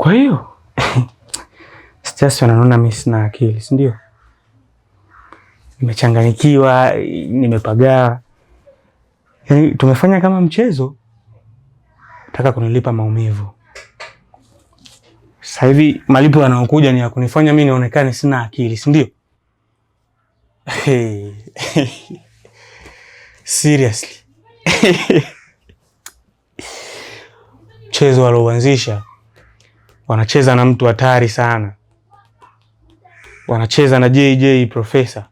Kwa hiyo Stasi wananona mi sina akili, si ndio? Nimechanganyikiwa, nimepagaa, yaani tumefanya kama mchezo, nataka kunilipa maumivu. Sasa hivi malipo yanayokuja ni ya kunifanya mi nionekane sina akili, si ndio? Seriously mchezo alouanzisha wanacheza na mtu hatari sana, wanacheza na JJ Profesa.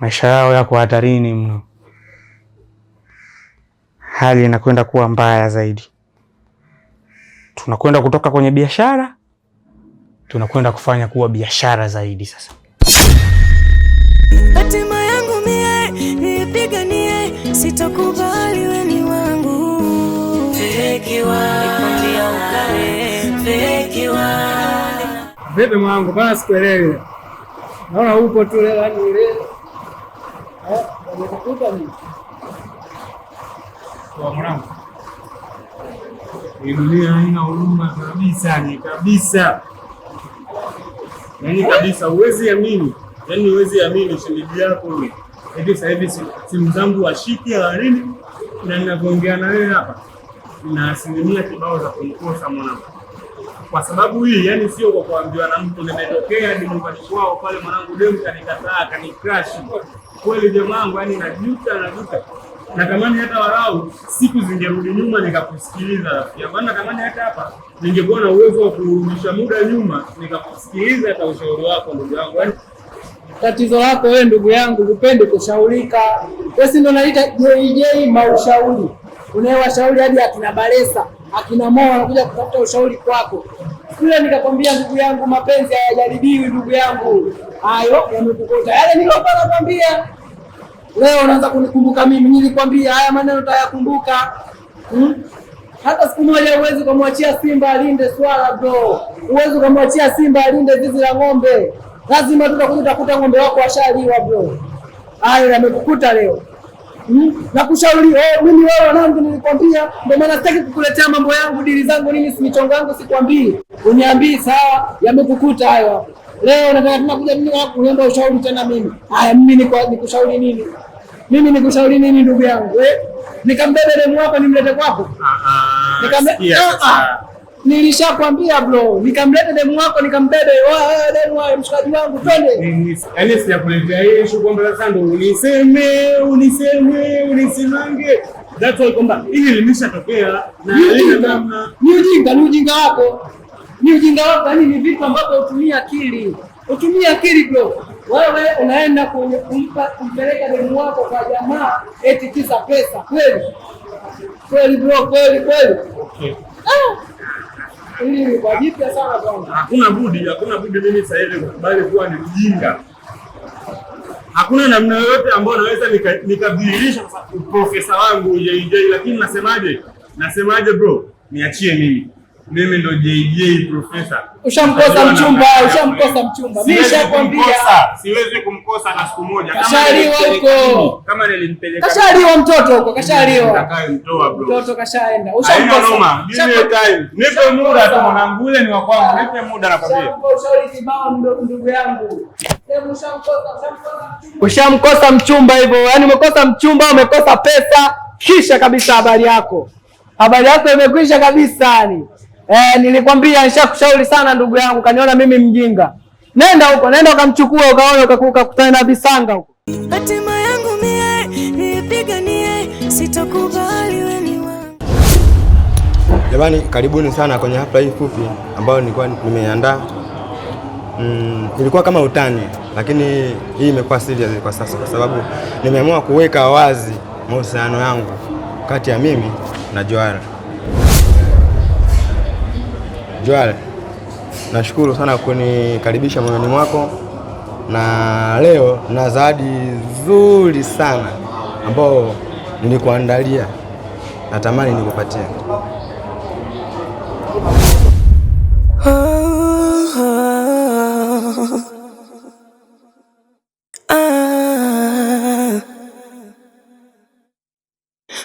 Maisha yao yako hatarini mno, hali inakwenda kuwa mbaya zaidi. Tunakwenda kutoka kwenye biashara, tunakwenda kufanya kuwa biashara zaidi. Sasa hatima yangu mie niipiganie, sitokubali weni wangu Tekiwa. Vipi mwanangu, bana sikuelewi. Naona upo tu leo yani ile. Eh, nimekukuta nini? Kwa mwanangu. Hii dunia haina huruma kabisa, ni kabisa. yani kabisa uwezi amini. Yaani uwezi amini shemeji yako ni Hivi sasa hivi simu zangu washiki walini na ninavyoongea na wewe hapa. Na asilimia kibao za kumkosa mwanangu kwa sababu hii, yani sio kwa kuambiwa na mtu. Nimetokea ni nyumbani kwao pale, mwanangu demu kanikataa, kanikrash kweli, wangu, yani najuta, najuta natamani hata warau siku zingerudi nyuma nikakusikiliza rafiki, maana natamani hata hapa ningekuwa na uwezo wa kurudisha muda nyuma nikakusikiliza hata ushauri wako, ndugu yangu. Yani tatizo lako wewe, ndugu yangu, upende kushaurika. Wewe si ndo naita JJ maushauri, unayewashauri hadi akina Balesa akina Mo wanakuja kutafuta ushauri kwako. Kule nikakwambia ndugu yangu, mapenzi hayajaribiwi ndugu yangu, hayo yamekukuta Yale nilikuwa nakwambia leo unaanza kunikumbuka mimi, nilikwambia haya maneno tayakumbuka, hmm? Hata siku moja huwezi ukamwachia simba alinde swala bro, huwezi ukamwachia simba alinde zizi la ng'ombe, lazima tutakuja ng'ombe wako washaliwa bro. Hayo yamekukuta leo. Hmm? na kushauri oh, mimi wewe wanangu, nilikwambia. Ndio maana sitaki kukuletea mambo yangu, dili zangu nini, si michongo yangu, sikwambii, uniambii. Sawa, yamekukuta hayo hapo. Leo nataka kuja mimi wako kuniomba ushauri tena mimi. Haya, mimi nikushauri nini? Mimi nikushauri nini ndugu yangu eh? Nikambebe demu hapa nimlete kwako? Ah ah. Nikambebe ah ah. Nilishakwambia bro, nikamleta demu wako nikambebe mshikaji wangu, twende. Yaani sijakuletea hii issue kwamba sasa ndo uniseme uniseme unisimange kwamba hili limeshatokea ni ujinga, ni ujinga wako, ni ujinga wako. Yaani ni vitu ambavyo utumia akili, utumia akili bro. Wewe unaenda kumpa kumpeleka demu wako kwa jamaa eti kisa pesa? Kweli kweli bro, kweli kweli. Ah! Hakuna budi, hakuna budi. Mimi sasa hivi kuwa ni mjinga. Hakuna namna yoyote ambayo naweza nikabadilisha profesa wangu JJ, lakini nasemaje, nasemaje bro, niachie mimi mimi ndo JJ profesa. Ushamkosa mchumba, ushamkosa mchumba. Mimi nishakwambia siwezi kumkosa na siku moja. Kashaliwa huko. Kama nilimpeleka. Kashaliwa mtoto huko, kashaliwa. Mtoa bro. Mtoto kashaenda. Ushamkosa. Give me time. Nipe muda tu mwanangu yule ni wa kwangu. Nipe muda na nakwambia. Ushauri kibao ndugu yangu. Ushamkosa mchumba hivyo. Yaani umekosa mchumba, umekosa pesa, kisha kabisa habari yako. Habari yako imekwisha kabisa yani. Eh, nilikwambia nishakushauri sana ndugu yangu, kaniona mimi mjinga. Nenda huko, nenda ukamchukua ukaona ukakutana na visanga huko. Hatima yangu mie nipiganie, sitokubali wewe Jamani, karibuni sana kwenye hafla hii fupi ambayo nilikuwa nimeandaa Mm, ilikuwa kama utani, lakini hii imekuwa serious kwa sasa, kwa sababu nimeamua kuweka wazi mahusiano yangu kati ya mimi na Joara. Joel, nashukuru sana kunikaribisha moyoni mwako, na leo na zawadi nzuri sana ambayo nilikuandalia, natamani nikupatia.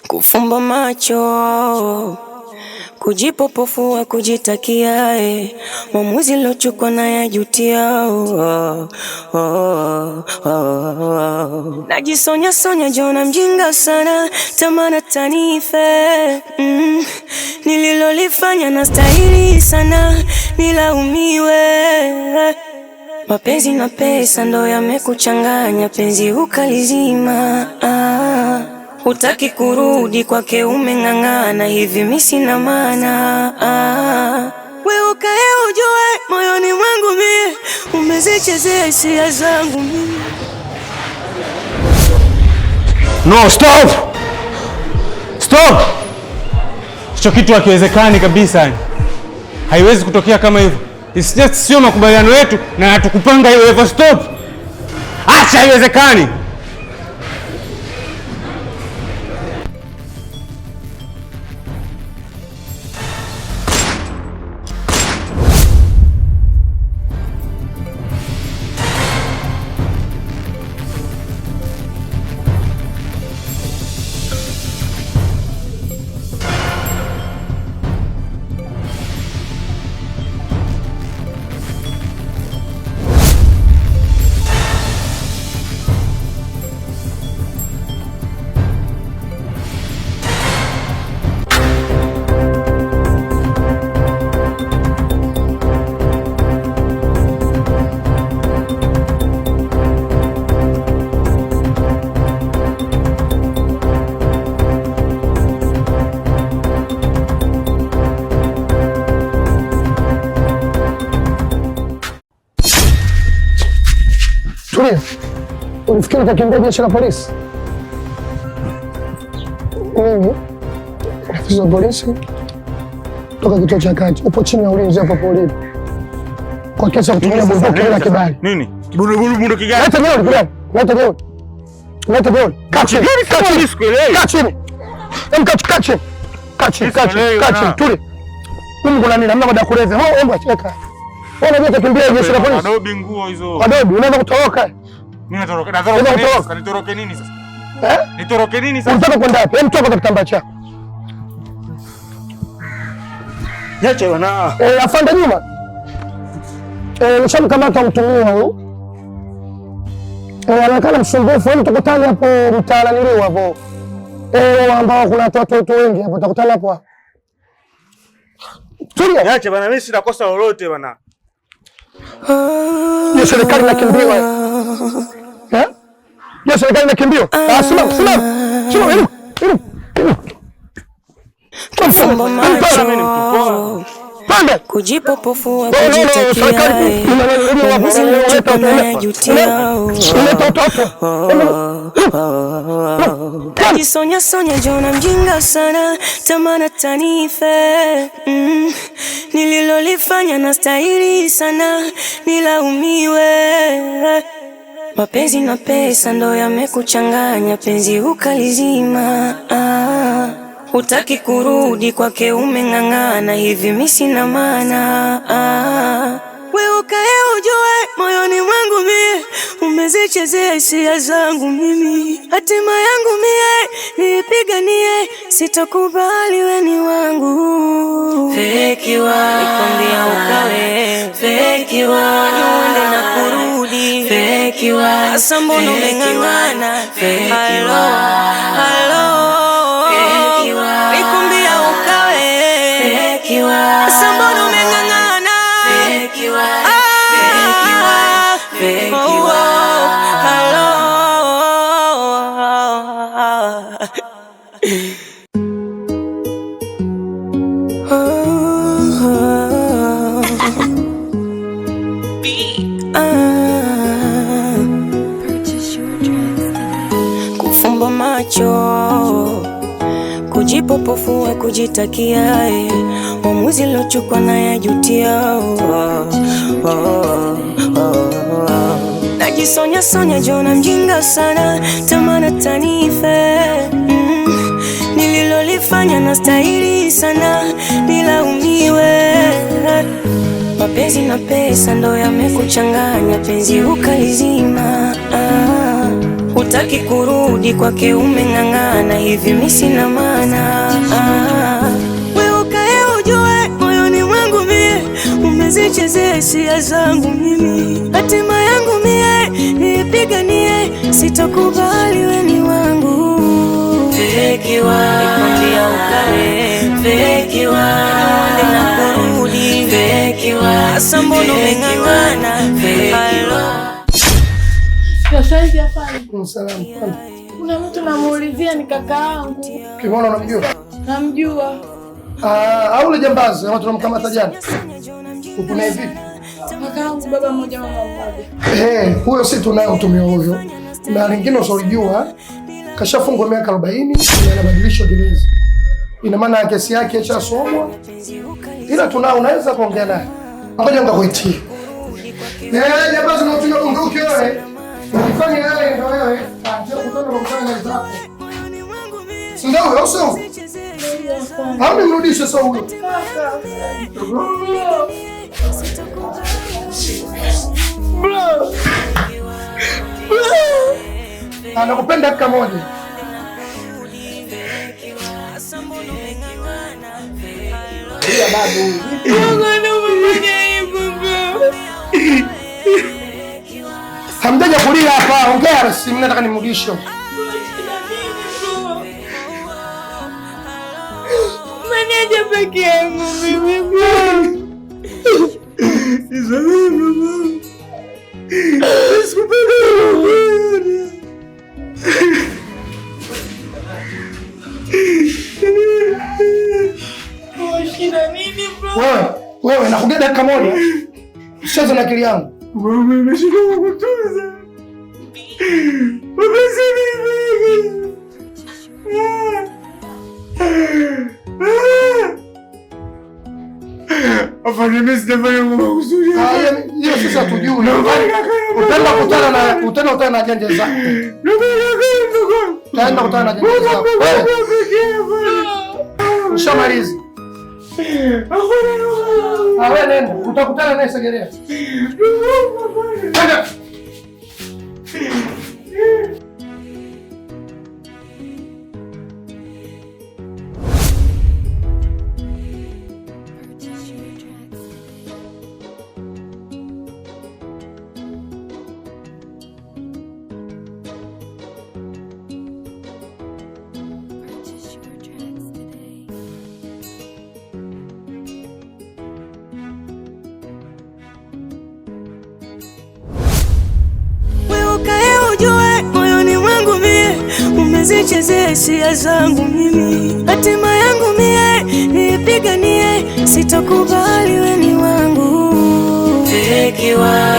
Kufumba macho kujipopofua kujitakia, eh, mwamuzi lochukwa na yajutia, oh, oh, oh, oh, oh. Najisonya sonya jona mjinga sana tamana tanife mm. Nililolifanya na stahili sana nilaumiwe Mapenzi na pesa ndo yamekuchanganya, penzi ukalizima ah hutaki kurudi kwake, umeng'ang'ana hivi, mimi sina maana ah. We ukae ujue moyoni mwangu mie umezichezea hisia zangu mie. No, stop stop, hicho kitu hakiwezekani kabisa, haiwezi kutokea kama hivyo. It's just sio makubaliano yetu na hatukupanga hiyo hivyo. Stop, acha, haiwezekani. Ulifikiri utakimbia jeshi la polisi? Mimi afisa wa polisi toka kituo cha kati, upo chini ya ulinzi hapa polini kwa kesi ya kutumia bunduki bila kibali. Nini? Bunduki gani? Leta leo, leta leo. Leta leo. Kachi. Kachi. Kachi. Em kachi kachi. Kachi kachi kachi. Tuli. Mimi kuna nini? Hamna mada kuleza. Hao omba cheka. Wewe unajua utakimbia jeshi la polisi. Adobe nguo hizo. Adobe unaweza kutoroka. Nitoroke nini sasa? Eh? Nitoroke nini sasa? Unataka kwenda wapi? Hem, toka kitambaa chako. Yache wana. Eh, afande nyuma. Eh, nishamkamata mtumia huyu. Eh, anaonekana msumbufu. Hem, tukutane hapo mtaani leo hapo. Eh, ambao kuna watoto wengi hapo, tukutane hapo. Tulia. Yache bana, mimi sina kosa lolote bana. Ni serikali nakimbiwa. Je, ah. ah, serikali inakimbia? Ah, simama, simama. Simama, inuka. Inuka. Kujipopofu wa kujitakia. sonya jona mjinga sana, tamana tanife. Mm. Nililolifanya sana, nilaumiwe. Mapenzi na pesa ndo yamekuchanganya, penzi ukalizima. Ah, hutaki kurudi kwake, umeng'ang'ana hivi, mimi sina maana. Ah, we ukae ujue moyoni mwangu mie umezichezea hisia zangu mimi, hatima yangu mie niipiganie, sitakubali ni wangu. Fekiwa nikwambia ukawe, fekiwa niende na fake you mbona umeng'ang'ana Halo Halo Nikumbia ukawe Asa mbona umeng'ang'ana ah. oh, Halo kipofu wa kujitakia mwamuzi eh. lochukwa na yajutia oh, oh, oh, oh. oh. Najisonya sonya jona mjinga sana tamana tanife mm, nililolifanya na stahili sana nilaumiwe mapenzi na pesa ndo yamekuchanganya penzi ukalizima ah. Utaki kurudi kwake, umeng'ang'ana hivi, mimi sina maana. We ukae ujue moyoni mwangu mie umezichezea sia zangu mimi, hatima yangu mie niipiganie, sitokubali weni wangu fekiwa, ukae fekiwa fekiwa, sasa mbona umeng'ang'ana Saizi afani salama. Kuna mtu namuulizia, ni kaka yangu. Kimona unamjua? Namjua. Ah, au ule jambazi ama tunamkamata jana, uko naye vipi? Kaka yangu, baba mmoja mama mmoja. Huyo si tunaye utumia huyo, na lingine usiolijua kashafungwa miaka arobaini na inabadilishwa gereza, ina maana kesi yake ishasomwa, ila tunao, unaweza kuongea naye. Ngoja nikakuitia. Eh, jambazi, unapiga bunduki wewe. Mfanye yale ndio wewe. Ah, sio kutoka kwa mfanye zako. Si ndio wewe sio? Hapo mrudishe sio huyo. Bro. Anakupenda ah, dakika moja. Babu. Hamjaja kulia hapa, ongea na simu, nataka nimrudishe. Manaje peke yangu mimi. Wewe, wewe nakugea dakika moja. Usicheze na akili yangu umeshika kukutunza utaenda kutana na janja zako, utaenda kutana na janja zako, ushamalizi Utakutana naye Segerea. Usichezee hisia zangu mimi, hatima yangu mie niipiganie, sitokubali ni wangu fekiwa